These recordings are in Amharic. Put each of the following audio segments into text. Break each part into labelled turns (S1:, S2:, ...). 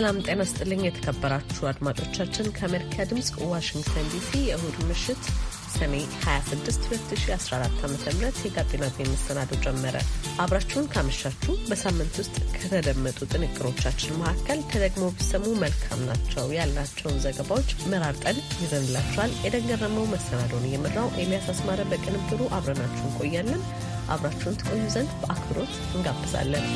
S1: ሰላም ጤና ስጥልኝ። የተከበራችሁ አድማጮቻችን ከአሜሪካ ድምፅ ዋሽንግተን ዲሲ የእሁድ ምሽት ሰኔ 26 2014 ዓ ም የጋቢና ዜ መሰናዶ ጀመረ። አብራችሁን ካመሻችሁ በሳምንት ውስጥ ከተደመጡ ጥንቅሮቻችን መካከል ተደግሞ ቢሰሙ መልካም ናቸው ያላቸውን ዘገባዎች መራርጠን ይዘንላችኋል። የደንገረመው መሰናዶን የምራው ኤልያስ አስማረ በቅንብሩ አብረናችሁ እንቆያለን። አብራችሁን ትቆዩ ዘንድ በአክብሮት እንጋብዛለን።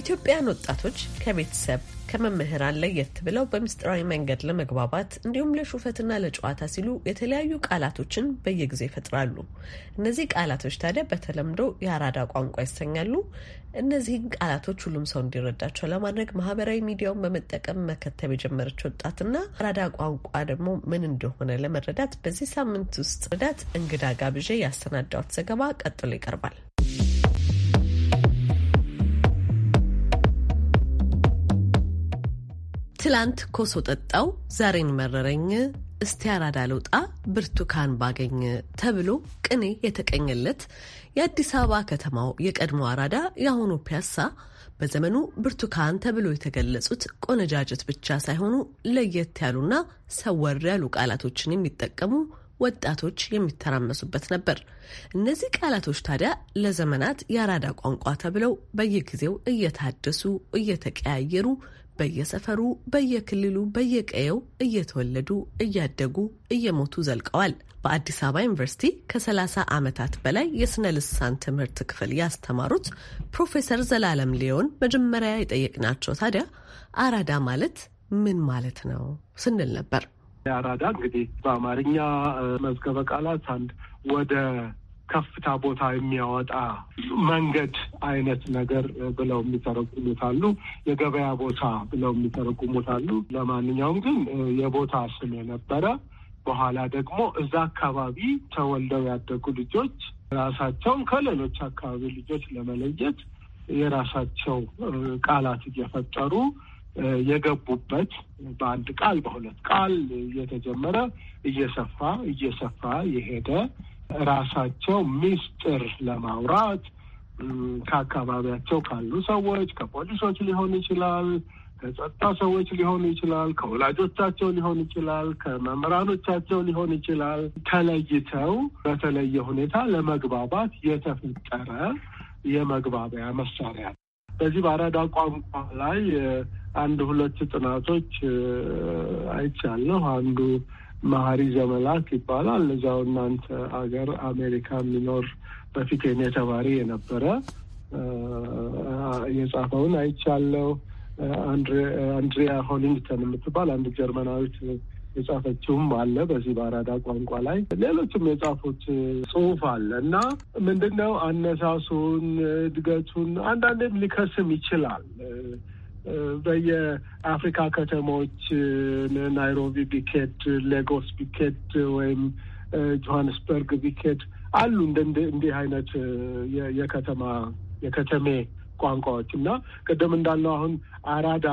S1: ኢትዮጵያውያን ወጣቶች ከቤተሰብ ከመምህራን ለየት ብለው በምስጢራዊ መንገድ ለመግባባት እንዲሁም ለሹፈትና ለጨዋታ ሲሉ የተለያዩ ቃላቶችን በየጊዜ ይፈጥራሉ። እነዚህ ቃላቶች ታዲያ በተለምዶ የአራዳ ቋንቋ ይሰኛሉ። እነዚህን ቃላቶች ሁሉም ሰው እንዲረዳቸው ለማድረግ ማህበራዊ ሚዲያውን በመጠቀም መከተብ የጀመረች ወጣትና አራዳ ቋንቋ ደግሞ ምን እንደሆነ ለመረዳት በዚህ ሳምንት ውስጥ ረዳት እንግዳ ጋብዤ ያሰናዳሁት ዘገባ ቀጥሎ ይቀርባል። ትላንት ኮሶ ጠጣው፣ ዛሬን መረረኝ፣ እስቲ አራዳ ልውጣ ብርቱካን ባገኝ ተብሎ ቅኔ የተቀኘለት የአዲስ አበባ ከተማው የቀድሞ አራዳ የአሁኑ ፒያሳ በዘመኑ ብርቱካን ተብሎ የተገለጹት ቆነጃጀት ብቻ ሳይሆኑ ለየት ያሉና ሰወር ያሉ ቃላቶችን የሚጠቀሙ ወጣቶች የሚተራመሱበት ነበር። እነዚህ ቃላቶች ታዲያ ለዘመናት የአራዳ ቋንቋ ተብለው በየጊዜው እየታደሱ እየተቀያየሩ በየሰፈሩ በየክልሉ በየቀየው እየተወለዱ እያደጉ እየሞቱ ዘልቀዋል። በአዲስ አበባ ዩኒቨርሲቲ ከ30 ዓመታት በላይ የስነ ልሳን ትምህርት ክፍል ያስተማሩት ፕሮፌሰር ዘላለም ሊዮን መጀመሪያ የጠየቅናቸው ታዲያ አራዳ ማለት ምን ማለት ነው ስንል ነበር።
S2: አራዳ እንግዲህ በአማርኛ መዝገበ ቃላት አንድ ወደ ከፍታ ቦታ የሚያወጣ መንገድ አይነት ነገር ብለው የሚተረጉሙት አሉ። የገበያ ቦታ ብለው የሚተረጉሙት አሉ። ለማንኛውም ግን የቦታ ስም የነበረ በኋላ ደግሞ እዛ አካባቢ ተወልደው ያደጉ ልጆች ራሳቸውን ከሌሎች አካባቢ ልጆች ለመለየት የራሳቸው ቃላት እየፈጠሩ የገቡበት በአንድ ቃል በሁለት ቃል እየተጀመረ እየሰፋ እየሰፋ የሄደ ራሳቸው ሚስጥር ለማውራት ከአካባቢያቸው ካሉ ሰዎች ከፖሊሶች ሊሆን ይችላል፣ ከጸጥታ ሰዎች ሊሆን ይችላል፣ ከወላጆቻቸው ሊሆን ይችላል፣ ከመምህራኖቻቸው ሊሆን ይችላል። ተለይተው በተለየ ሁኔታ ለመግባባት የተፈጠረ የመግባቢያ መሳሪያ ነው። በዚህ በአራዳ ቋንቋ ላይ አንድ ሁለት ጥናቶች አይቻለሁ። አንዱ መሀሪ ዘመላክ ይባላል። እዛው እናንተ አገር አሜሪካ የሚኖር በፊት የኔ ተማሪ የነበረ የጻፈውን አይቻለው። አንድሪያ ሆሊንግተን የምትባል አንድ ጀርመናዊት የጻፈችውም አለ በዚህ በአራዳ ቋንቋ ላይ ሌሎችም የጻፉት ጽሁፍ አለ እና ምንድን ነው አነሳሱን፣ እድገቱን አንዳንዴም ሊከስም ይችላል በየአፍሪካ ከተሞች ናይሮቢ ቢኬት ሌጎስ ቢኬት ወይም ጆሀንስበርግ ቢኬት አሉ እንዲህ አይነት የከተማ የከተሜ ቋንቋዎች እና ቅድም እንዳለው አሁን አራዳ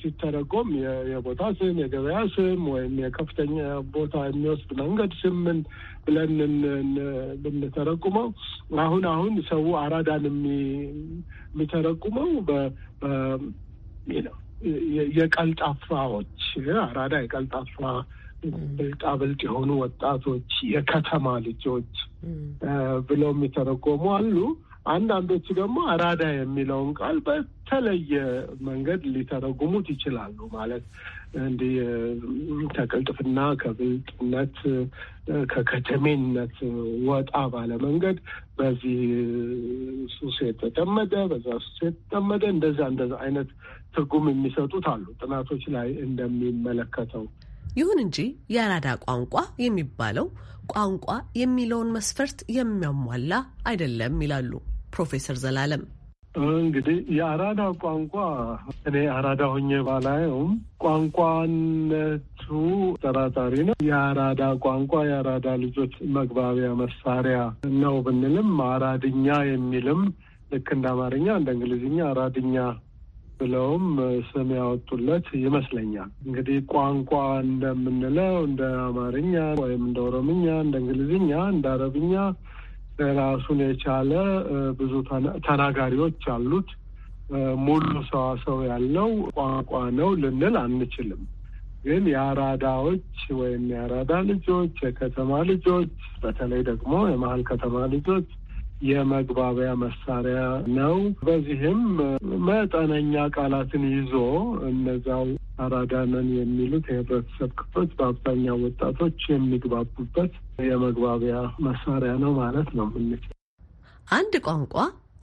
S2: ሲተረጎም የቦታ ስም፣ የገበያ ስም ወይም የከፍተኛ ቦታ የሚወስድ መንገድ ስም ምን ብለን ብንተረጉመው አሁን አሁን ሰው አራዳን የሚተረጉመው የቀልጣፋዎች አራዳ የቀልጣፋ ብልጣብልጥ የሆኑ ወጣቶች፣ የከተማ ልጆች ብለው የሚተረጎሙ አሉ። አንዳንዶቹ ደግሞ አራዳ የሚለውን ቃል በተለየ መንገድ ሊተረጉሙት ይችላሉ። ማለት እንዲህ ከቅልጥፍና፣ ከብልጥነት፣ ከከተሜነት ወጣ ባለ መንገድ በዚህ ሱስ የተጠመደ በዛ ሱስ የተጠመደ እንደዛ እንደዛ አይነት ትርጉም
S1: የሚሰጡት አሉ ጥናቶች ላይ እንደሚመለከተው። ይሁን እንጂ የአራዳ ቋንቋ የሚባለው ቋንቋ የሚለውን መስፈርት የሚያሟላ አይደለም ይላሉ። ፕሮፌሰር ዘላለም
S2: እንግዲህ የአራዳ ቋንቋ እኔ አራዳ ሆኜ ባላየውም ቋንቋነቱ ጠራጣሪ ነው። የአራዳ ቋንቋ የአራዳ ልጆች መግባቢያ መሳሪያ ነው ብንልም አራድኛ የሚልም ልክ እንደ አማርኛ እንደ እንግሊዝኛ አራድኛ ብለውም ስም ያወጡለት ይመስለኛል። እንግዲህ ቋንቋ እንደምንለው እንደ አማርኛ ወይም እንደ ኦሮምኛ፣ እንደ እንግሊዝኛ፣ እንደ አረብኛ ራሱን የቻለ ብዙ ተናጋሪዎች አሉት። ሙሉ ሰዋሰው ያለው ቋንቋ ነው ልንል አንችልም። ግን የአራዳዎች ወይም የአራዳ ልጆች፣ የከተማ ልጆች፣ በተለይ ደግሞ የመሀል ከተማ ልጆች የመግባቢያ መሳሪያ ነው። በዚህም መጠነኛ ቃላትን ይዞ እነዛው አራዳነን የሚሉት የህብረተሰብ ክፍሎች በአብዛኛው ወጣቶች
S1: የሚግባቡበት የመግባቢያ መሳሪያ ነው ማለት ነው። የምንችል አንድ ቋንቋ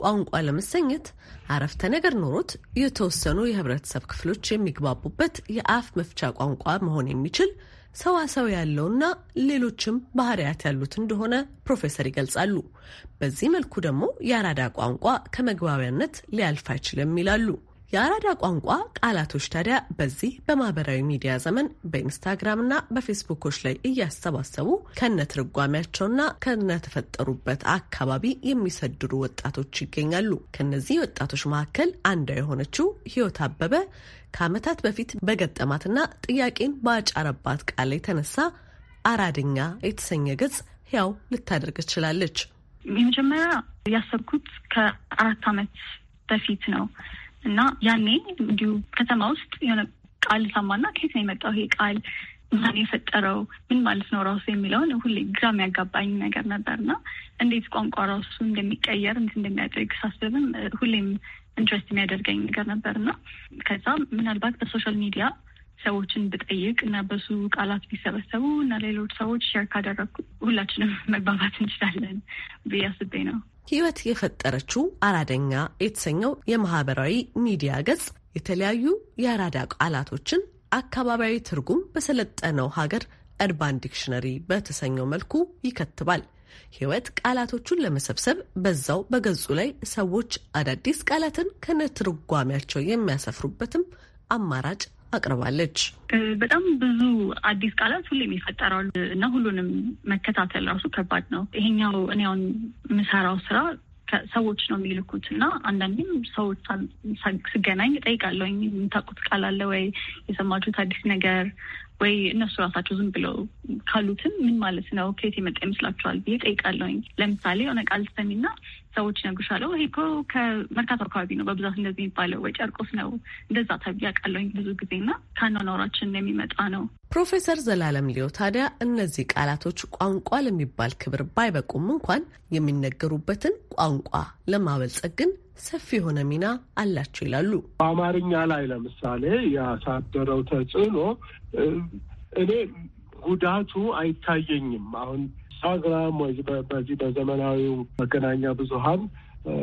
S1: ቋንቋ ለመሰኘት አረፍተ ነገር ኖሮት የተወሰኑ የህብረተሰብ ክፍሎች የሚግባቡበት የአፍ መፍቻ ቋንቋ መሆን የሚችል ሰዋሰው ያለውና ሌሎችም ባህሪያት ያሉት እንደሆነ ፕሮፌሰር ይገልጻሉ። በዚህ መልኩ ደግሞ የአራዳ ቋንቋ ከመግባቢያነት ሊያልፍ አይችልም ይላሉ። የአራዳ ቋንቋ ቃላቶች ታዲያ በዚህ በማህበራዊ ሚዲያ ዘመን በኢንስታግራምና በፌስቡኮች ላይ እያሰባሰቡ ከነ ከነተፈጠሩበት አካባቢ የሚሰድሩ ወጣቶች ይገኛሉ። ከነዚህ ወጣቶች መካከል አንዷ የሆነችው ህይወት አበበ ከዓመታት በፊት በገጠማትና ጥያቄን በአጫረባት ቃል የተነሳ አራድኛ የተሰኘ ገጽ ያው ልታደርግ ትችላለች። የመጀመሪያ ያሰብኩት ከአራት ዓመት በፊት ነው እና ያኔ እንዲሁ ከተማ ውስጥ የሆነ ቃል ሰማና ከየት ነው የመጣው ይሄ ቃል ማን የፈጠረው ምን ማለት ነው ራሱ የሚለውን ሁሌ ግራ የሚያጋባኝ ነገር ነበርና እንዴት ቋንቋ ራሱ እንደሚቀየር እንት እንደሚያደርግ ሳስብም ሁሌም ኢንትረስት የሚያደርገኝ ነገር ነበርና ከዛ ምናልባት በሶሻል ሚዲያ ሰዎችን ብጠይቅ እና በሱ ቃላት ቢሰበሰቡ እና ሌሎች ሰዎች ሼር ካደረግኩ ሁላችንም መግባባት እንችላለን ብዬ አስቤ ነው። ህይወት የፈጠረችው አራደኛ የተሰኘው የማህበራዊ ሚዲያ ገጽ የተለያዩ የአራዳ ቃላቶችን አካባቢያዊ ትርጉም በሰለጠነው ሀገር እርባን ዲክሽነሪ በተሰኘው መልኩ ይከትባል። ህይወት ቃላቶቹን ለመሰብሰብ በዛው በገጹ ላይ ሰዎች አዳዲስ ቃላትን ከነትርጓሚያቸው የሚያሰፍሩበትም አማራጭ አቅርባለች። በጣም ብዙ አዲስ ቃላት ሁሌም ይፈጠራሉ እና ሁሉንም መከታተል ራሱ ከባድ ነው። ይሄኛው እኔ አሁን የምሰራው ስራ ሰዎች ነው የሚልኩት እና አንዳንዴም ሰዎች ስገናኝ እጠይቃለሁ፣ የምታውቁት ቃል አለ ወይ? የሰማችሁት አዲስ ነገር ወይ እነሱ ራሳቸው ዝም ብለው ካሉትም ምን ማለት ነው ከየት የመጣ ይመስላችኋል ብዬ ጠይቃለሁኝ። ለምሳሌ የሆነ ቃል ሰሚና ሰዎች ይነግሩሻለሁ ይሄ እኮ ከመርካቶ አካባቢ ነው በብዛት እንደዚህ የሚባለው ወይ ጨርቆስ ነው እንደዛ ተብዬ አውቃለሁኝ ብዙ ጊዜና ከአኗኗራችን የሚመጣ ነው። ፕሮፌሰር ዘላለም ሊዮ ታዲያ እነዚህ ቃላቶች ቋንቋ ለሚባል ክብር ባይበቁም እንኳን የሚነገሩበትን ቋንቋ ለማበልጸግ ግን ሰፊ የሆነ ሚና አላቸው ይላሉ። በአማርኛ ላይ ለምሳሌ
S2: ያሳደረው ተጽዕኖ እኔ ጉዳቱ አይታየኝም። አሁን ኢንስታግራም ወይ በዚህ በዘመናዊው መገናኛ ብዙሀን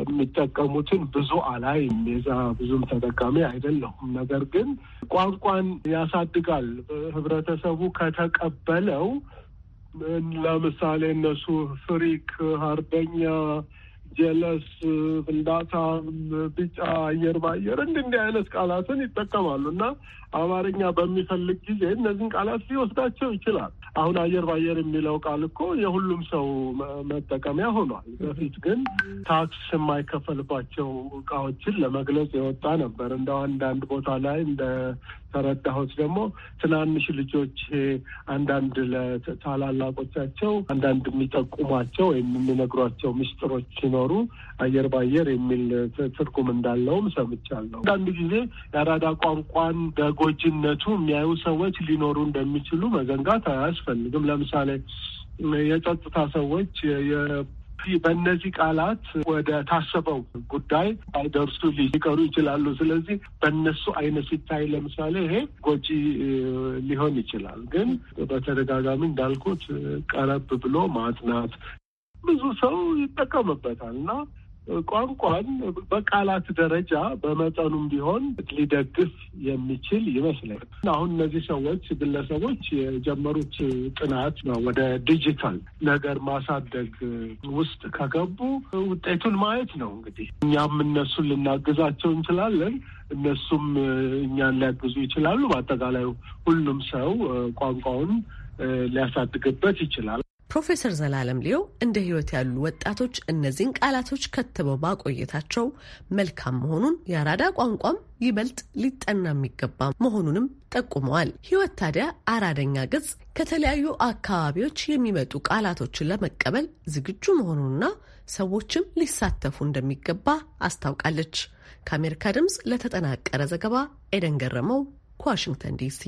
S2: የሚጠቀሙትን ብዙ አላይ የዛ ብዙም ተጠቃሚ አይደለሁም። ነገር ግን ቋንቋን ያሳድጋል። ህብረተሰቡ ከተቀበለው ለምሳሌ እነሱ ፍሪክ፣ አርበኛ ጀለስ፣ ፍንዳታ፣ ቢጫ፣ አየር ባየር እንዲህ እንዲህ አይነት ቃላትን ይጠቀማሉ እና አማርኛ በሚፈልግ ጊዜ እነዚህን ቃላት ሊወስዳቸው ይችላል። አሁን አየር ባየር የሚለው ቃል እኮ የሁሉም ሰው መጠቀሚያ ሆኗል። በፊት ግን ታክስ የማይከፈልባቸው እቃዎችን ለመግለጽ የወጣ ነበር። እንደው አንዳንድ ቦታ ላይ እንደ ተረዳሁት ደግሞ ትናንሽ ልጆች አንዳንድ ለታላላቆቻቸው አንዳንድ የሚጠቁሟቸው ወይም የሚነግሯቸው ምስጢሮች ሲኖሩ አየር ባየር የሚል ትርጉም እንዳለውም ሰምቻለሁ። አንዳንድ ጊዜ የአራዳ ቋንቋን በጎጅነቱ የሚያዩ ሰዎች ሊኖሩ እንደሚችሉ መዘንጋት አያስፈልግም። ለምሳሌ የጸጥታ ሰዎች በእነዚህ ቃላት ወደ ታሰበው ጉዳይ አይደርሱ ሊቀሩ ይችላሉ። ስለዚህ በእነሱ አይነት ሲታይ ለምሳሌ ይሄ ጎጂ ሊሆን ይችላል። ግን በተደጋጋሚ እንዳልኩት ቀረብ ብሎ ማጥናት ብዙ ሰው ይጠቀምበታል እና ቋንቋን በቃላት ደረጃ በመጠኑም ቢሆን ሊደግፍ የሚችል ይመስላል። አሁን እነዚህ ሰዎች ግለሰቦች የጀመሩት ጥናት ወደ ዲጂታል ነገር ማሳደግ ውስጥ ከገቡ ውጤቱን ማየት ነው። እንግዲህ እኛም እነሱን ልናግዛቸው እንችላለን፣ እነሱም እኛን
S1: ሊያግዙ ይችላሉ። በአጠቃላይ ሁሉም ሰው ቋንቋውን ሊያሳድግበት ይችላል። ፕሮፌሰር ዘላለም ሊዮ እንደ ህይወት ያሉ ወጣቶች እነዚህን ቃላቶች ከትበው ማቆየታቸው መልካም መሆኑን የአራዳ ቋንቋም ይበልጥ ሊጠና የሚገባ መሆኑንም ጠቁመዋል። ህይወት ታዲያ አራደኛ ገጽ ከተለያዩ አካባቢዎች የሚመጡ ቃላቶችን ለመቀበል ዝግጁ መሆኑንና ሰዎችም ሊሳተፉ እንደሚገባ አስታውቃለች። ከአሜሪካ ድምፅ ለተጠናቀረ ዘገባ ኤደን ገረመው ከዋሽንግተን ዲሲ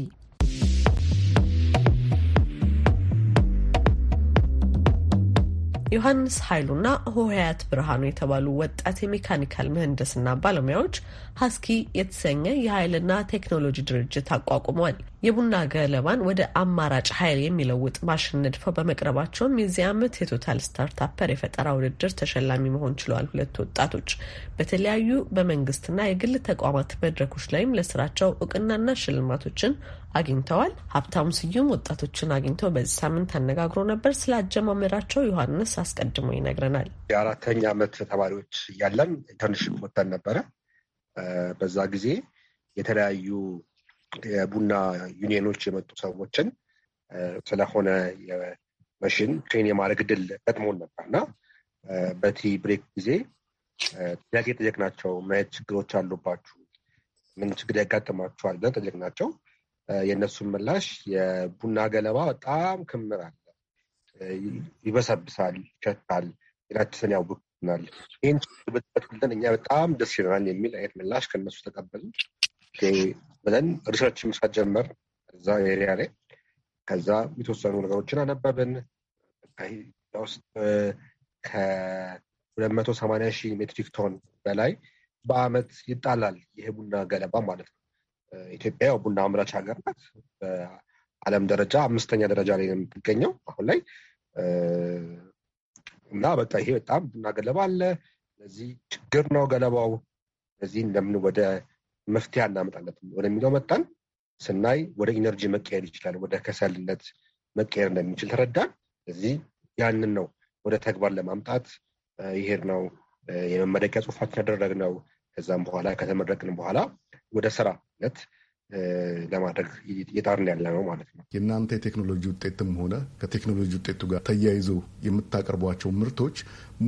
S1: ዮሐንስ ኃይሉና ሆሄያት ብርሃኑ የተባሉ ወጣት የሜካኒካል ምህንድስና ባለሙያዎች ሀስኪ የተሰኘ የኃይልና ቴክኖሎጂ ድርጅት አቋቁመዋል። የቡና ገለባን ወደ አማራጭ ኃይል የሚለውጥ ማሽን ነድፈው በመቅረባቸውም የዚህ ዓመት የቶታል ስታርታፐር የፈጠራ ውድድር ተሸላሚ መሆን ችለዋል። ሁለቱ ወጣቶች በተለያዩ በመንግስትና የግል ተቋማት መድረኮች ላይም ለስራቸው እውቅናና ሽልማቶችን አግኝተዋል። ሀብታሙ ስዩም ወጣቶችን አግኝተው በዚህ ሳምንት አነጋግሮ ነበር። ስለ አጀማመራቸው ዮሐንስ አስቀድሞ ይነግረናል።
S3: የአራተኛ ዓመት ተማሪዎች እያለን ኢንተርንሽፕ ወጥተን ነበረ። በዛ ጊዜ የተለያዩ የቡና ዩኒየኖች የመጡ ሰዎችን ስለሆነ የመሽን ትሬን የማድረግ ድል ገጥሞን ነበር እና በቲ ብሬክ ጊዜ ጥያቄ ጠየቅናቸው። ምን አይነት ችግሮች አሉባችሁ? ምን ችግር ያጋጥማችኋል ብለን ጠየቅናቸው። የእነሱን ምላሽ የቡና ገለባ በጣም ክምር አለ፣ ይበሰብሳል፣ ይሸታል፣ ጤናችንን ያውቡናል። ይህን ችግር ብትፈቱልን እኛ በጣም ደስ ይለናል የሚል አይነት ምላሽ ከእነሱ ተቀበልን። ብለን ሪሰርች መስራት ጀመር እዛ ኤሪያ ላይ። ከዛ የተወሰኑ ነገሮችን አነበብን። ውስጥ ከሁለት መቶ ሰማንያ ሺህ ሜትሪክ ቶን በላይ በአመት ይጣላል። ይሄ ቡና ገለባ ማለት ነው። ኢትዮጵያ ያው ቡና አምራች ሀገር ናት። በዓለም ደረጃ አምስተኛ ደረጃ ላይ ነው የምትገኘው አሁን ላይ እና በቃ ይሄ በጣም ቡና ገለባ አለ። ለዚህ ችግር ነው ገለባው። ለዚህ እንደምን ወደ መፍትሄ እናመጣለት ወደሚለው መጣን። ስናይ ወደ ኢነርጂ መቀየር ይችላል፣ ወደ ከሰልነት መቀየር እንደሚችል ተረዳን። እዚህ ያንን ነው ወደ ተግባር ለማምጣት ይሄድ ነው የመመረቂያ ያደረግ ያደረግነው። ከዛም በኋላ ከተመረቅን በኋላ ወደ ነት ለማድረግ እየጣርን ያለ ነው ማለት
S4: ነው። የእናንተ የቴክኖሎጂ ውጤትም ሆነ ከቴክኖሎጂ ውጤቱ ጋር ተያይዞ የምታቀርቧቸው ምርቶች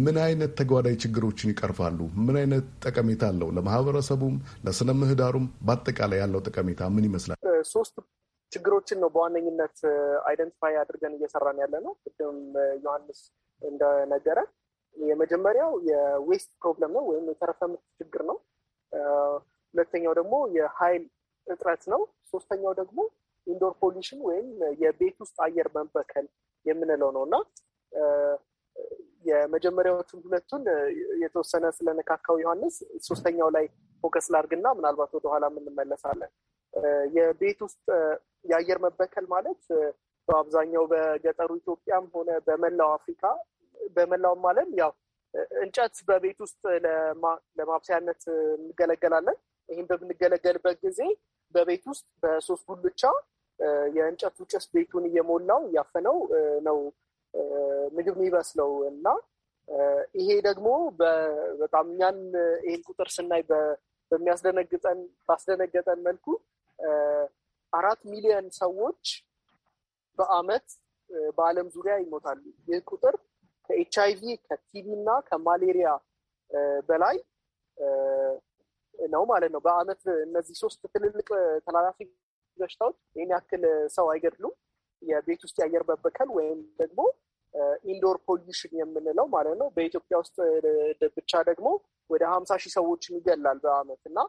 S4: ምን አይነት ተጓዳኝ ችግሮችን ይቀርፋሉ? ምን አይነት ጠቀሜታ አለው? ለማህበረሰቡም፣ ለስነ ምህዳሩም በአጠቃላይ ያለው ጠቀሜታ ምን ይመስላል?
S5: ሶስት ችግሮችን ነው በዋነኝነት አይደንቲፋይ አድርገን እየሰራን ያለ ነው። ቅድም ዮሐንስ እንደነገረን የመጀመሪያው የዌስት ፕሮብለም ነው ወይም የተረፈ ምርት ችግር ነው። ሁለተኛው ደግሞ የሀይል እጥረት ነው። ሶስተኛው ደግሞ ኢንዶር ፖሊሽን ወይም የቤት ውስጥ አየር መበከል የምንለው ነው እና የመጀመሪያዎቹን ሁለቱን የተወሰነ ስለነካካው ዮሐንስ ሶስተኛው ላይ ፎከስ ላድርግና ምናልባት ወደኋላ እንመለሳለን። የቤት ውስጥ የአየር መበከል ማለት በአብዛኛው በገጠሩ ኢትዮጵያም ሆነ በመላው አፍሪካ በመላውም ዓለም ያው እንጨት በቤት ውስጥ ለማብሰያነት እንገለገላለን። ይህም በምንገለገልበት ጊዜ በቤት ውስጥ በሶስት ጉልቻ የእንጨት ጭስ ቤቱን እየሞላው እያፈነው ነው ምግብ የሚበስለው እና ይሄ ደግሞ በጣም እኛን ይህን ቁጥር ስናይ በሚያስደነግጠን ባስደነገጠን መልኩ አራት ሚሊዮን ሰዎች በአመት በዓለም ዙሪያ ይሞታሉ። ይህ ቁጥር ከኤች አይቪ ከቲቪ እና ከማሌሪያ በላይ ነው ማለት ነው። በአመት እነዚህ ሶስት ትልልቅ ተላላፊ በሽታዎች ይህን ያክል ሰው አይገድሉም። የቤት ውስጥ የአየር መበከል ወይም ደግሞ ኢንዶር ፖሊሽን የምንለው ማለት ነው። በኢትዮጵያ ውስጥ ብቻ ደግሞ ወደ ሀምሳ ሺህ ሰዎችን ይገላል በአመት እና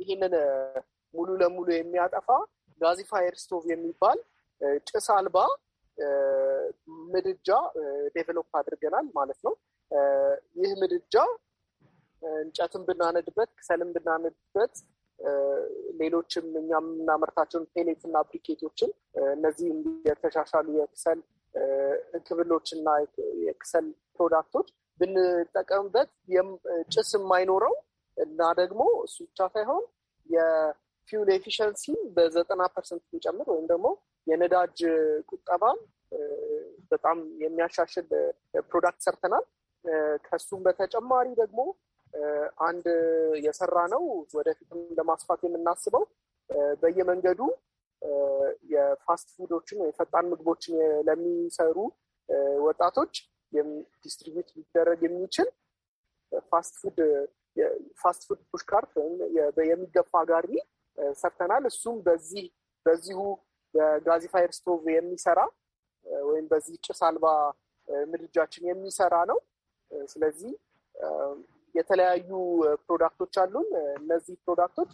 S5: ይህንን ሙሉ ለሙሉ የሚያጠፋ ጋዚፋየር ስቶቭ የሚባል ጭስ አልባ ምድጃ ዴቨሎፕ አድርገናል ማለት ነው። ይህ ምድጃ እንጨትን ብናነድበት፣ ክሰልን ብናነድበት፣ ሌሎችም እኛ የምናመርታቸውን ፔሌትና ብሪኬቶችን እነዚህ የተሻሻሉ የክሰል ክብሎችና የክሰል ፕሮዳክቶች ብንጠቀምበት ጭስ የማይኖረው እና ደግሞ እሱ ብቻ ሳይሆን የፊውል ኤፊሽንሲ በዘጠና ፐርሰንት ሊጨምር ወይም ደግሞ የነዳጅ ቁጠባን በጣም የሚያሻሽል ፕሮዳክት ሰርተናል። ከሱም በተጨማሪ ደግሞ አንድ የሰራ ነው ወደፊትም ለማስፋት የምናስበው በየመንገዱ የፋስት ፉዶችን የፈጣን ምግቦችን ለሚሰሩ ወጣቶች ዲስትሪቢዩት ሊደረግ የሚችል ፋስት ፉድ ፋስት ፉድ ፑሽ ካርት የሚገፋ ጋሪ ሰርተናል። እሱም በዚህ በዚሁ በጋዚፋየር ስቶቭ የሚሰራ ወይም በዚህ ጭስ አልባ ምድጃችን የሚሰራ ነው። ስለዚህ የተለያዩ ፕሮዳክቶች አሉን። እነዚህ ፕሮዳክቶች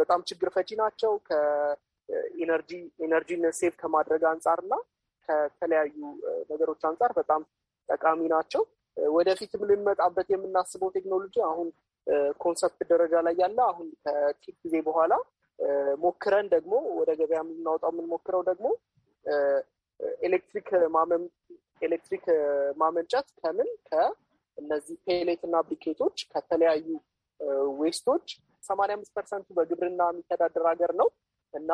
S5: በጣም ችግር ፈቺ ናቸው ከኢነርጂ ኢነርጂን ሴቭ ከማድረግ አንጻር እና ከተለያዩ ነገሮች አንጻር በጣም ጠቃሚ ናቸው። ወደፊት ልንመጣበት የምናስበው ቴክኖሎጂ አሁን ኮንሰፕት ደረጃ ላይ ያለ አሁን ከጥቂት ጊዜ በኋላ ሞክረን ደግሞ ወደ ገበያ የምናወጣው የምንሞክረው ደግሞ ኤሌክትሪክ ማመን ኤሌክትሪክ ማመንጨት ከምን እነዚህ ፔሌት እና ብሪኬቶች ከተለያዩ ዌስቶች ሰማንያ አምስት ፐርሰንቱ በግብርና የሚተዳደር ሀገር ነው እና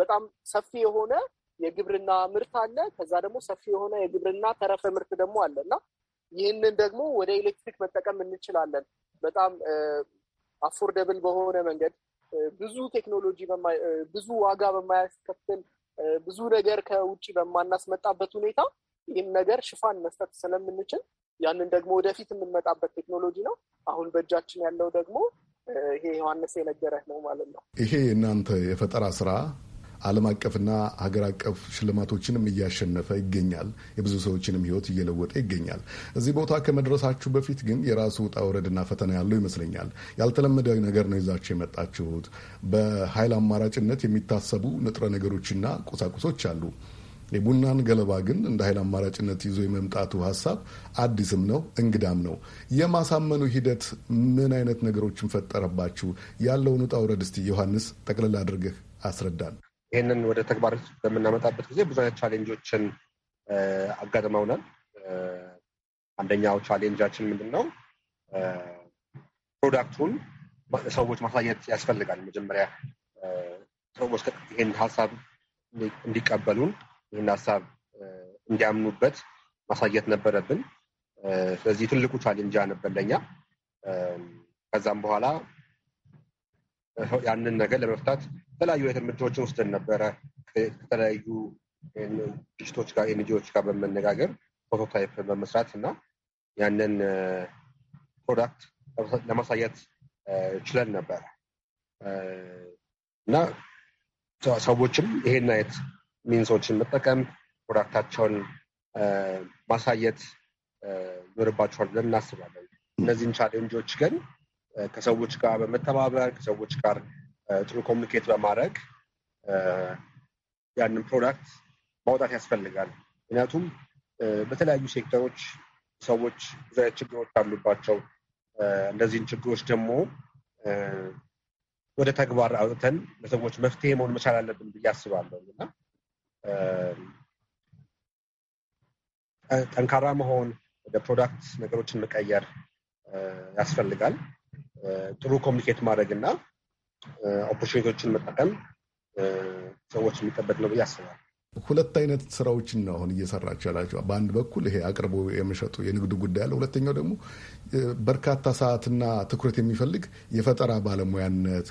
S5: በጣም ሰፊ የሆነ የግብርና ምርት አለ። ከዛ ደግሞ ሰፊ የሆነ የግብርና ተረፈ ምርት ደግሞ አለ እና ይህንን ደግሞ ወደ ኤሌክትሪክ መጠቀም እንችላለን። በጣም አፎርደብል በሆነ መንገድ ብዙ ቴክኖሎጂ ብዙ ዋጋ በማያስከፍል ብዙ ነገር ከውጭ በማናስመጣበት ሁኔታ ይህም ነገር ሽፋን መስጠት ስለምንችል ያንን ደግሞ ወደፊት የምንመጣበት ቴክኖሎጂ ነው። አሁን በእጃችን ያለው ደግሞ ይሄ ዮሐንስ የነገረህ ነው ማለት ነው።
S4: ይሄ እናንተ የፈጠራ ስራ ዓለም አቀፍና ሀገር አቀፍ ሽልማቶችንም እያሸነፈ ይገኛል። የብዙ ሰዎችንም ሕይወት እየለወጠ ይገኛል። እዚህ ቦታ ከመድረሳችሁ በፊት ግን የራሱ ውጣ ውረድና ፈተና ያለው ይመስለኛል። ያልተለመደ ነገር ነው ይዛችሁ የመጣችሁት። በኃይል አማራጭነት የሚታሰቡ ንጥረ ነገሮችና ቁሳቁሶች አሉ። የቡናን ገለባ ግን እንደ ኃይል አማራጭነት ይዞ የመምጣቱ ሀሳብ አዲስም ነው እንግዳም ነው። የማሳመኑ ሂደት ምን አይነት ነገሮችን ፈጠረባችሁ? ያለውን ውጣ ውረድ እስቲ ዮሐንስ ጠቅልል አድርገህ አስረዳን።
S3: ይህንን ወደ ተግባር በምናመጣበት ጊዜ ብዙ አይነት ቻሌንጆችን አጋጥመውናል። አንደኛው ቻሌንጃችን ምንድን ነው? ፕሮዳክቱን ሰዎች ማሳየት ያስፈልጋል። መጀመሪያ ሰዎች ይህን ሀሳብ እንዲቀበሉን ይህን ሀሳብ እንዲያምኑበት ማሳየት ነበረብን። ስለዚህ ትልቁ ቻሌንጅ ነበር ከዛም በኋላ ያንን ነገር ለመፍታት የተለያዩ አይነት እርምጃዎችን ወስደን ነበረ። ከተለያዩ ድርጅቶች ጋር ኤንጂዎች ጋር በመነጋገር ፕሮቶታይፕ በመስራት እና ያንን ፕሮዳክት ለማሳየት ችለን ነበረ እና ሰዎችም ይሄን አይነት ሚንሶችን መጠቀም፣ ፕሮዳክታቸውን ማሳየት ይኖርባቸዋል ብለን እናስባለን። እነዚህን ቻሌንጆች ግን ከሰዎች ጋር በመተባበር ከሰዎች ጋር ጥሩ ኮሚኒኬት በማድረግ ያንን ፕሮዳክት ማውጣት ያስፈልጋል። ምክንያቱም በተለያዩ ሴክተሮች ሰዎች ብዙ አይነት ችግሮች አሉባቸው። እነዚህን ችግሮች ደግሞ ወደ ተግባር አውጥተን ለሰዎች መፍትሄ መሆን መቻል አለብን ብዬ አስባለሁ እና ጠንካራ መሆን፣ ወደ ፕሮዳክት ነገሮችን መቀየር ያስፈልጋል። ጥሩ ኮሚኒኬት ማድረግ እና ኦፖርቹኒቲዎችን መጠቀም ሰዎች የሚጠበቅ ነው ብዬ አስባለሁ።
S4: ሁለት አይነት ስራዎችን ነው አሁን እየሰራችሁ ያላችሁ። በአንድ በኩል ይሄ አቅርቦ የመሸጡ የንግዱ ጉዳይ አለ። ሁለተኛው ደግሞ በርካታ ሰዓትና ትኩረት የሚፈልግ የፈጠራ ባለሙያነት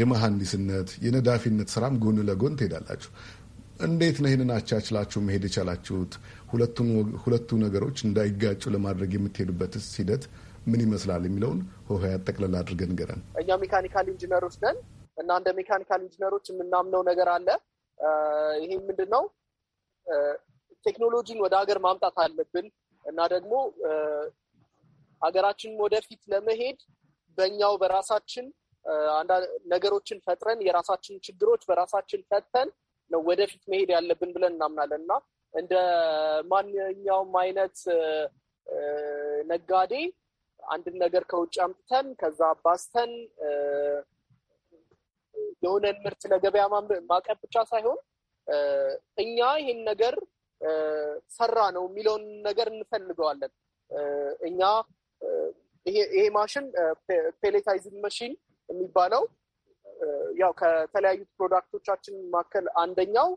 S4: የመሐንዲስነት የነዳፊነት ስራም ጎን ለጎን ትሄዳላችሁ። እንዴት ነው ይህንን አቻችላችሁ መሄድ የቻላችሁት? ሁለቱ ነገሮች እንዳይጋጩ ለማድረግ የምትሄዱበት ሂደት ምን ይመስላል የሚለውን ሆሄያት ጠቅለላ አድርገን ንገረን።
S5: እኛ ሜካኒካል ኢንጂነሮች ነን እና እንደ ሜካኒካል ኢንጂነሮች የምናምነው ነገር አለ። ይሄ ምንድን ነው? ቴክኖሎጂን ወደ ሀገር ማምጣት አለብን እና ደግሞ ሀገራችንን ወደፊት ለመሄድ በእኛው በራሳችን ነገሮችን ፈጥረን የራሳችን ችግሮች በራሳችን ፈተን ነው ወደፊት መሄድ ያለብን ብለን እናምናለን እና እንደ ማንኛውም አይነት ነጋዴ አንድን ነገር ከውጭ አምጥተን ከዛ አባስተን የሆነን ምርት ለገበያ ማቅረብ ብቻ ሳይሆን እኛ ይህን ነገር ሰራ ነው የሚለውን ነገር እንፈልገዋለን። እኛ ይሄ ማሽን ፔሌታይዝንግ መሽን የሚባለው ያው ከተለያዩ ፕሮዳክቶቻችን መካከል አንደኛው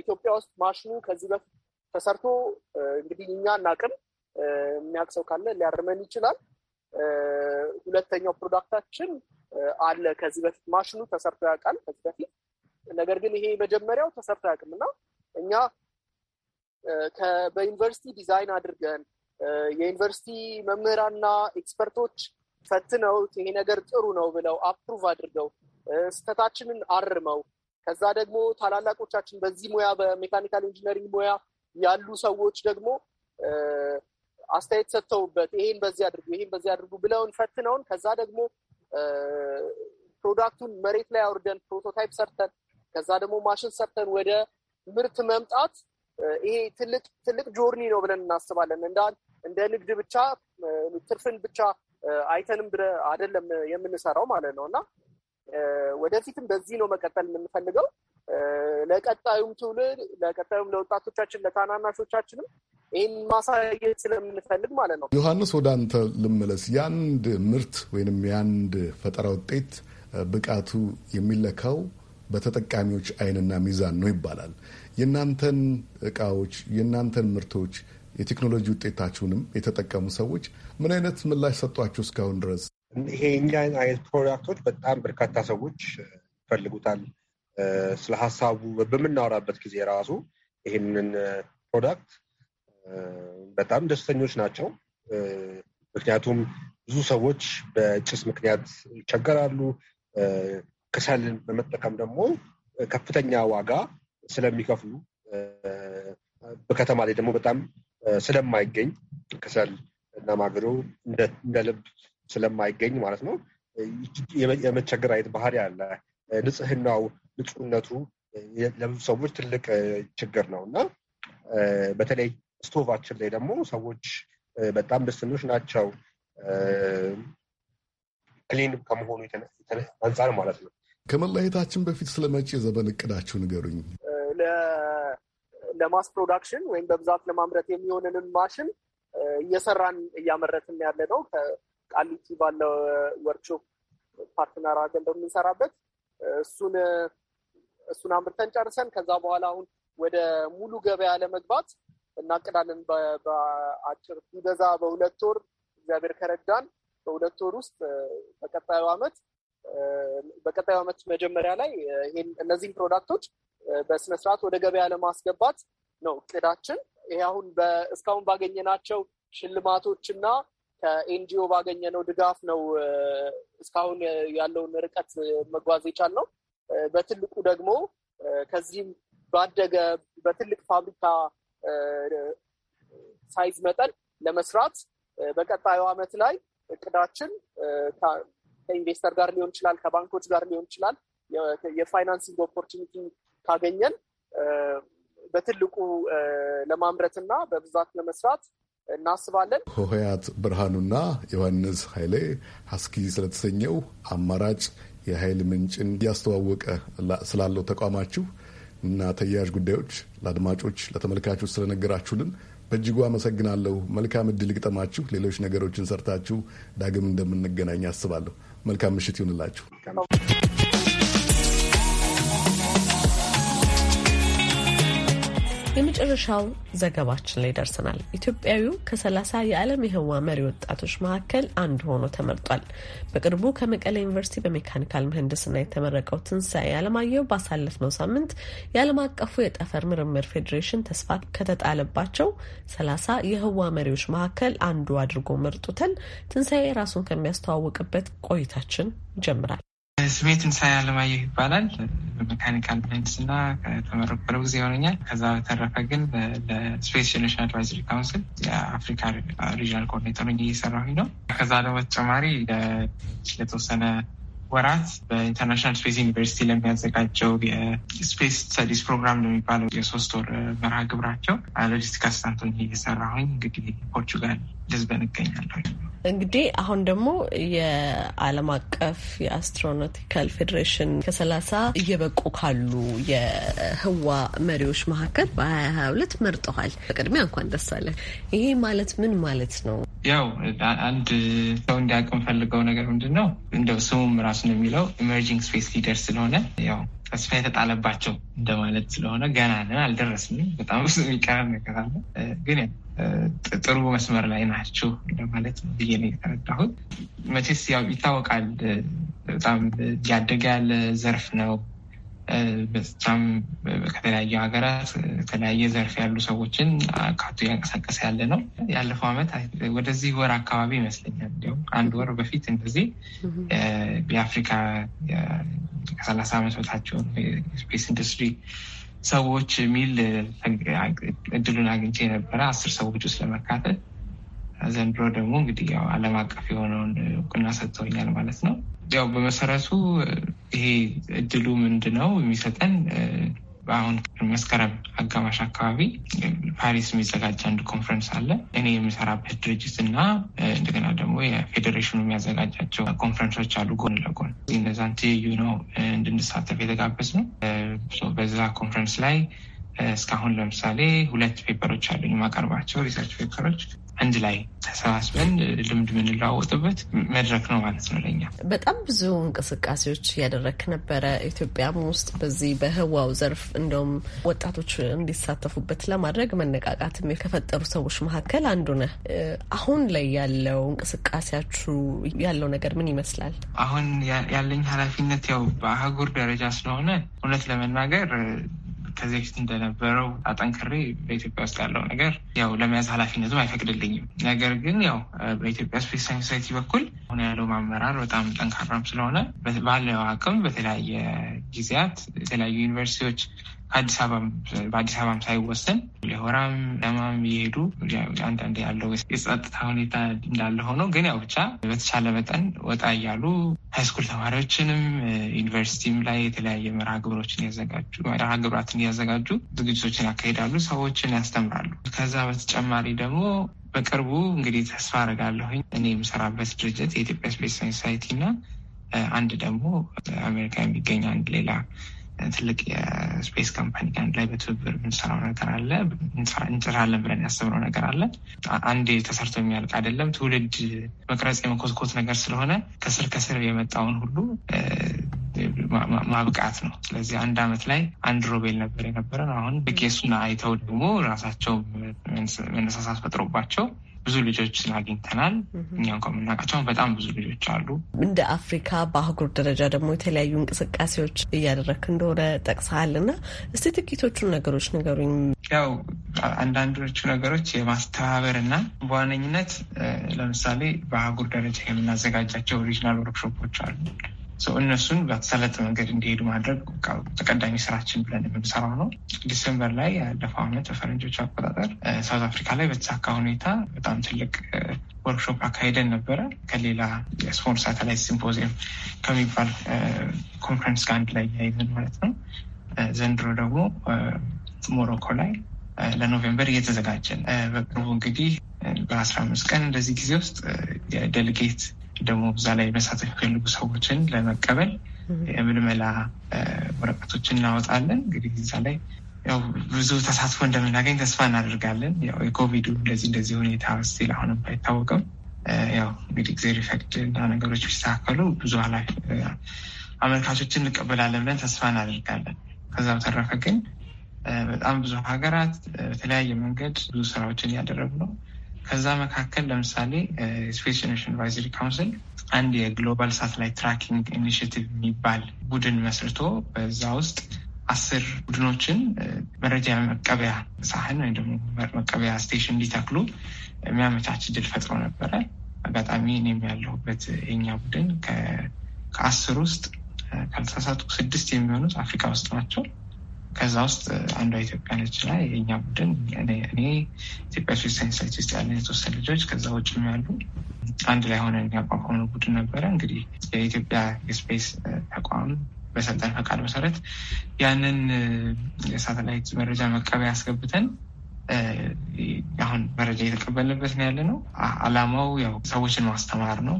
S5: ኢትዮጵያ ውስጥ ማሽኑ ከዚህ በፊት ተሰርቶ እንግዲህ እኛ እናቅም የሚያውቅ ሰው ካለ ሊያርመን ይችላል። ሁለተኛው ፕሮዳክታችን አለ። ከዚህ በፊት ማሽኑ ተሰርቶ ያውቃል ከዚህ በፊት ነገር ግን ይሄ መጀመሪያው ተሰርቶ ያውቅም እና እኛ በዩኒቨርሲቲ ዲዛይን አድርገን የዩኒቨርሲቲ መምህራንና ኤክስፐርቶች ፈትነውት ይሄ ነገር ጥሩ ነው ብለው አፕሩቭ አድርገው ስህተታችንን አርመው ከዛ ደግሞ ታላላቆቻችን በዚህ ሙያ በሜካኒካል ኢንጂነሪንግ ሙያ ያሉ ሰዎች ደግሞ አስተያየት ሰጥተውበት ይሄን በዚህ አድርጉ፣ ይሄን በዚህ አድርጉ ብለውን ፈትነውን ከዛ ደግሞ ፕሮዳክቱን መሬት ላይ አውርደን ፕሮቶታይፕ ሰርተን ከዛ ደግሞ ማሽን ሰርተን ወደ ምርት መምጣት ይሄ ትልቅ ትልቅ ጆርኒ ነው ብለን እናስባለን። እንደ ንግድ ብቻ ትርፍን ብቻ አይተንም ብለ አይደለም የምንሰራው ማለት ነው እና ወደፊትም በዚህ ነው መቀጠል የምንፈልገው። ለቀጣዩም ትውልድ ለቀጣዩም ለወጣቶቻችን ለታናናሾቻችንም ይህን ማሳየት ስለምንፈልግ ማለት ነው።
S4: ዮሐንስ ወደ አንተ ልመለስ። የአንድ ምርት ወይንም የአንድ ፈጠራ ውጤት ብቃቱ የሚለካው በተጠቃሚዎች አይንና ሚዛን ነው ይባላል። የእናንተን እቃዎች የእናንተን ምርቶች የቴክኖሎጂ ውጤታችሁንም የተጠቀሙ ሰዎች ምን አይነት ምላሽ
S3: ሰጧችሁ እስካሁን ድረስ? ይሄ እኛን አይነት ፕሮዳክቶች በጣም በርካታ ሰዎች ይፈልጉታል። ስለ ሀሳቡ በምናወራበት ጊዜ ራሱ ይህንን ፕሮዳክት በጣም ደስተኞች ናቸው። ምክንያቱም ብዙ ሰዎች በጭስ ምክንያት ይቸገራሉ። ክሰልን በመጠቀም ደግሞ ከፍተኛ ዋጋ ስለሚከፍሉ በከተማ ላይ ደግሞ በጣም ስለማይገኝ ከሰል እና ማገዶ እንደ ልብ ስለማይገኝ ማለት ነው የመቸገር አይነት ባህሪ አለ። ንጽህናው፣ ንጹህነቱ ለብዙ ሰዎች ትልቅ ችግር ነው እና በተለይ ስቶቫችን ላይ ደግሞ ሰዎች በጣም ደስተኞች ናቸው ክሊን ከመሆኑ አንጻር ማለት ነው።
S4: ከመለየታችን በፊት ስለ መጪ ዘመን እቅዳችሁ ንገሩኝ።
S5: ለማስ ፕሮዳክሽን ወይም በብዛት ለማምረት የሚሆንንን ማሽን እየሰራን እያመረትን ያለ ነው። ከቃሊቲ ባለው ወርክሾፕ ፓርትነር አድርገን በምንሰራበት እሱን እሱን አምርተን ጨርሰን ከዛ በኋላ አሁን ወደ ሙሉ ገበያ ለመግባት እናቅዳለን። በአጭር ቢበዛ በሁለት ወር እግዚአብሔር ከረዳን በሁለት ወር ውስጥ በቀጣዩ ዓመት በቀጣዩ አመት መጀመሪያ ላይ ይሄን እነዚህን ፕሮዳክቶች በስነስርዓት ወደ ገበያ ለማስገባት ነው እቅዳችን። ይሄ አሁን እስካሁን ባገኘናቸው ሽልማቶችና ከኤንጂኦ ባገኘነው ድጋፍ ነው እስካሁን ያለውን ርቀት መጓዝ የቻልነው። በትልቁ ደግሞ ከዚህም ባደገ በትልቅ ፋብሪካ ሳይዝ መጠን ለመስራት በቀጣዩ ዓመት ላይ እቅዳችን ከኢንቨስተር ጋር ሊሆን ይችላል፣ ከባንኮች ጋር ሊሆን ይችላል የፋይናንሲንግ ኦፖርቹኒቲ ካገኘን በትልቁ ለማምረትና በብዛት ለመስራት እናስባለን።
S4: ሆሄያት ብርሃኑና ዮሐንስ ኃይሌ ሀስኪ ስለተሰኘው አማራጭ የኃይል ምንጭን እያስተዋወቀ ስላለው ተቋማችሁ እና ተያያዥ ጉዳዮች ለአድማጮች ለተመልካቾች ስለነገራችሁልን በእጅጉ አመሰግናለሁ። መልካም እድል ግጠማችሁ። ሌሎች ነገሮችን ሰርታችሁ ዳግም እንደምንገናኝ አስባለሁ። መልካም ምሽት ይሁንላችሁ።
S1: የመጨረሻው ዘገባችን ላይ ደርሰናል። ኢትዮጵያዊው ከሰላሳ የዓለም የህዋ መሪ ወጣቶች መካከል አንዱ ሆኖ ተመርጧል። በቅርቡ ከመቀሌ ዩኒቨርሲቲ በሜካኒካል ምህንድስና የተመረቀው ትንሣኤ አለማየሁ ባሳለፍነው ሳምንት የዓለም አቀፉ የጠፈር ምርምር ፌዴሬሽን ተስፋ ከተጣለባቸው ሰላሳ የህዋ መሪዎች መካከል አንዱ አድርጎ መርጡተን ትንሣኤ ራሱን ከሚያስተዋውቅበት ቆይታችን ይጀምራል።
S6: ስሜ ትንሳኤ አለማየሁ ይባላል። በመካኒካል ምህንድስና ከተመረቆረ ጊዜ ይሆነኛል። ከዛ በተረፈ ግን ለስፔስ ጀኔሬሽን አድቫይዘሪ ካውንስል የአፍሪካ ሪጅናል ኮኦርዲኔተር እየሰራሁኝ ነው። ከዛ ለመጨማሪ ለተወሰነ ወራት በኢንተርናሽናል ስፔስ ዩኒቨርሲቲ ለሚያዘጋጀው የስፔስ ስተዲስ ፕሮግራም ለሚባለው የሶስት ወር መርሃ ግብራቸው ሎጂስቲክ አስታንቶ እየሰራሁኝ እንግዲህ ፖርቹጋል ልዝበን እገኛለሁ።
S1: እንግዲህ አሁን ደግሞ የዓለም አቀፍ የአስትሮኖቲካል ፌዴሬሽን ከሰላሳ እየበቁ ካሉ የህዋ መሪዎች መካከል በሀያ ሀያ ሁለት መርጠዋል። በቅድሚያ እንኳን ደስ አለን። ይሄ ማለት ምን ማለት ነው?
S6: ያው አንድ ሰው እንዲያቅም ፈልገው ነገር ምንድን ነው እንደው ስሙም ራሱ ነው የሚለው ኢመርጂንግ ስፔስ ሊደር ስለሆነ ያው ተስፋ የተጣለባቸው እንደማለት ስለሆነ ገና ነን፣ አልደረስንም። በጣም ብዙ የሚቀረን ነገር አለ ግን ጥሩ መስመር ላይ ናችሁ እንደማለት ብዬ ነው የተረዳሁት። መቼስ ያው ይታወቃል፣ በጣም እያደገ ያለ ዘርፍ ነው። በጣም ከተለያዩ ሀገራት የተለያየ ዘርፍ ያሉ ሰዎችን አካቶ እያንቀሳቀሰ ያለ ነው። ያለፈው ዓመት ወደዚህ ወር አካባቢ ይመስለኛል እንዲሁም አንድ ወር በፊት እንደዚህ የአፍሪካ ከሰላሳ ዓመት በታቸውን ስፔስ ኢንዱስትሪ ሰዎች የሚል እድሉን አግኝቼ የነበረ አስር ሰዎች ውስጥ ለመካተል ዘንድሮ ደግሞ እንግዲህ ያው ዓለም አቀፍ የሆነውን እውቅና ሰጥተውኛል ማለት ነው። ያው በመሰረቱ ይሄ እድሉ ምንድነው የሚሰጠን? አሁን መስከረም አጋማሽ አካባቢ ፓሪስ የሚዘጋጅ አንድ ኮንፈረንስ አለ። እኔ የምሰራበት ድርጅት እና እንደገና ደግሞ የፌዴሬሽኑ የሚያዘጋጃቸው ኮንፈረንሶች አሉ ጎን ለጎን እነዛን ትይዩ ነው እንድንሳተፍ የተጋበዝ ነው። በዛ ኮንፈረንስ ላይ እስካሁን ለምሳሌ ሁለት ፔፐሮች አሉኝ የማቀርባቸው ሪሰርች ፔፐሮች አንድ ላይ ተሰባስበን ልምድ የምንለዋወጥበት መድረክ ነው ማለት ነው ለኛ።
S1: በጣም ብዙ እንቅስቃሴዎች እያደረግክ ነበረ ኢትዮጵያም ውስጥ በዚህ በህዋው ዘርፍ እንደውም ወጣቶች እንዲሳተፉበት ለማድረግ መነቃቃትም ከፈጠሩ ሰዎች መካከል አንዱ ነህ። አሁን ላይ ያለው እንቅስቃሴያችሁ ያለው ነገር ምን ይመስላል?
S6: አሁን ያለኝ ኃላፊነት ያው በአህጉር ደረጃ ስለሆነ እውነት ለመናገር ከዚህ በፊት እንደነበረው አጠንክሬ በኢትዮጵያ ውስጥ ያለው ነገር ያው ለመያዝ ኃላፊነቱም አይፈቅድልኝም። ነገር ግን ያው በኢትዮጵያ ስፔስ ሳይንስ ሶሳይቲ በኩል አሁን ያለው ማመራር በጣም ጠንካራም ስለሆነ ባለው አቅም በተለያየ ጊዜያት የተለያዩ ዩኒቨርሲቲዎች አዲስ አበባ በአዲስ አበባም ሳይወሰን ሊሆራም ለማም እየሄዱ አንዳንድ ያለው የጸጥታ ሁኔታ እንዳለ ሆኖ ግን ያው ብቻ በተቻለ መጠን ወጣ እያሉ ሃይስኩል ተማሪዎችንም ዩኒቨርሲቲም ላይ የተለያየ መርሃ ግብሮችን ያዘጋጁ መርሃ ግብራትን እያዘጋጁ ዝግጅቶችን ያካሄዳሉ፣ ሰዎችን ያስተምራሉ። ከዛ በተጨማሪ ደግሞ በቅርቡ እንግዲህ ተስፋ አረጋለሁኝ እኔ የምሰራበት ድርጅት የኢትዮጵያ ስፔስ ሳይንቲ እና አንድ ደግሞ አሜሪካ የሚገኝ አንድ ሌላ ትልቅ የስፔስ ካምፓኒ አንድ ላይ በትብብር የምንሰራው ነገር አለ፣ እንሰራለን ብለን ያሰብነው ነገር አለ። አንድ ተሰርቶ የሚያልቅ አይደለም። ትውልድ መቅረጽ የመኮትኮት ነገር ስለሆነ ከስር ከስር የመጣውን ሁሉ ማብቃት ነው። ስለዚህ አንድ አመት ላይ አንድ ሮቤል ነበር የነበረን። አሁን በኬሱን አይተው ደግሞ ራሳቸው መነሳሳት ፈጥሮባቸው ብዙ ልጆች አግኝተናል። እኛ እንኳ የምናውቃቸው በጣም ብዙ ልጆች አሉ።
S1: እንደ አፍሪካ በአህጉር ደረጃ ደግሞ የተለያዩ እንቅስቃሴዎች እያደረክ እንደሆነ ጠቅሰሃል እና እስቲ ጥቂቶቹን ነገሮች ንገሩኝ።
S6: ያው አንዳንዶቹ ነገሮች የማስተባበር እና በዋነኝነት ለምሳሌ በአህጉር ደረጃ የምናዘጋጃቸው ኦሪጂናል ወርክሾፖች አሉ እነሱን በተሰለጠ መንገድ እንዲሄዱ ማድረግ ተቀዳሚ ስራችን ብለን የምንሰራው ነው። ዲሰምበር ላይ ያለፈው ዓመት በፈረንጆች አቆጣጠር ሳውት አፍሪካ ላይ በተሳካ ሁኔታ በጣም ትልቅ ወርክሾፕ አካሄደን ነበረ። ከሌላ ስፖርት ሳተላይት ሲምፖዚየም ከሚባል ኮንፈረንስ ጋር አንድ ላይ ያይዘን ማለት ነው። ዘንድሮ ደግሞ ሞሮኮ ላይ ለኖቬምበር እየተዘጋጀን በቅርቡ እንግዲህ በአስራ አምስት ቀን እንደዚህ ጊዜ ውስጥ የደልጌት ደግሞ እዛ ላይ መሳተፍ የፈልጉ ሰዎችን ለመቀበል የምልመላ ወረቀቶችን እናወጣለን። እንግዲህ እዛ ላይ ያው ብዙ ተሳትፎ እንደምናገኝ ተስፋ እናደርጋለን። ያው የኮቪዱ እንደዚህ እንደዚህ ሁኔታ ስቲል አሁንም አይታወቅም። ያው እንግዲህ እግዜር ይፈቅድ እና ነገሮች ቢስተካከሉ ብዙ ኃላፊ አመልካቾችን እንቀበላለን ብለን ተስፋ እናደርጋለን። ከዛ በተረፈ ግን በጣም ብዙ ሀገራት በተለያየ መንገድ ብዙ ስራዎችን እያደረጉ ነው። ከዛ መካከል ለምሳሌ ስፔስ ኔሽን አድቫይዘሪ ካውንስል አንድ የግሎባል ሳተላይት ትራኪንግ ኢኒሽቲቭ የሚባል ቡድን መስርቶ በዛ ውስጥ አስር ቡድኖችን መረጃ መቀበያ ሳህን ወይም ደግሞ መቀበያ ስቴሽን እንዲተክሉ የሚያመቻች ድል ፈጥሮ ነበረ። አጋጣሚ እኔም ያለሁበት የኛ ቡድን ከአስር ውስጥ ካልተሳሳትኩ ስድስት የሚሆኑት አፍሪካ ውስጥ ናቸው። ከዛ ውስጥ አንዷ ኢትዮጵያ ነች ላይ የኛ ቡድን እኔ ኢትዮጵያ ክርስቲያን ሳይቲ ውስጥ ያለን ልጆች ከዛ ውጭ ያሉ አንድ ላይ ሆነ የሚያቋቋመ ቡድን ነበረ። እንግዲህ የኢትዮጵያ የስፔስ ተቋም በሰጠን ፈቃድ መሰረት ያንን የሳተላይት መረጃ መቀበያ ያስገብተን አሁን መረጃ እየተቀበልንበት ነው ያለ ነው። አላማው ያው ሰዎችን ማስተማር ነው።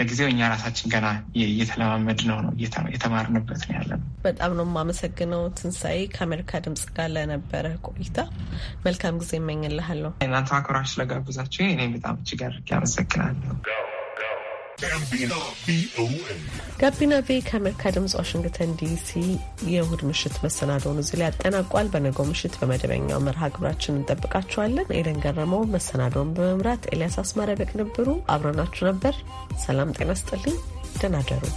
S6: ለጊዜው እኛ ራሳችን ገና እየተለማመድ ነው ነው የተማርንበት ነው ያለ ነው።
S1: በጣም ነው የማመሰግነው ትንሳኤ፣ ከአሜሪካ ድምጽ ጋር ለነበረ ቆይታ መልካም ጊዜ እመኝልሃለሁ።
S6: እናንተ አክብራችሁ ስለጋብዛችሁ እኔ በጣም እጅግ አድርጌ አመሰግናለሁ።
S1: ጋቢና ቤ ከአሜሪካ ድምጽ ዋሽንግተን ዲሲ የእሁድ ምሽት መሰናዶውን እዚህ ላይ ያጠናቋል። በነገው ምሽት በመደበኛው መርሃ ግብራችን እንጠብቃችኋለን። ኤደን ገረመው መሰናዶውን በመምራት ኤልያስ አስማሪያ በቅንብሩ አብረናችሁ ነበር። ሰላም ጤና ስጥልኝ። ደህና ደሩ።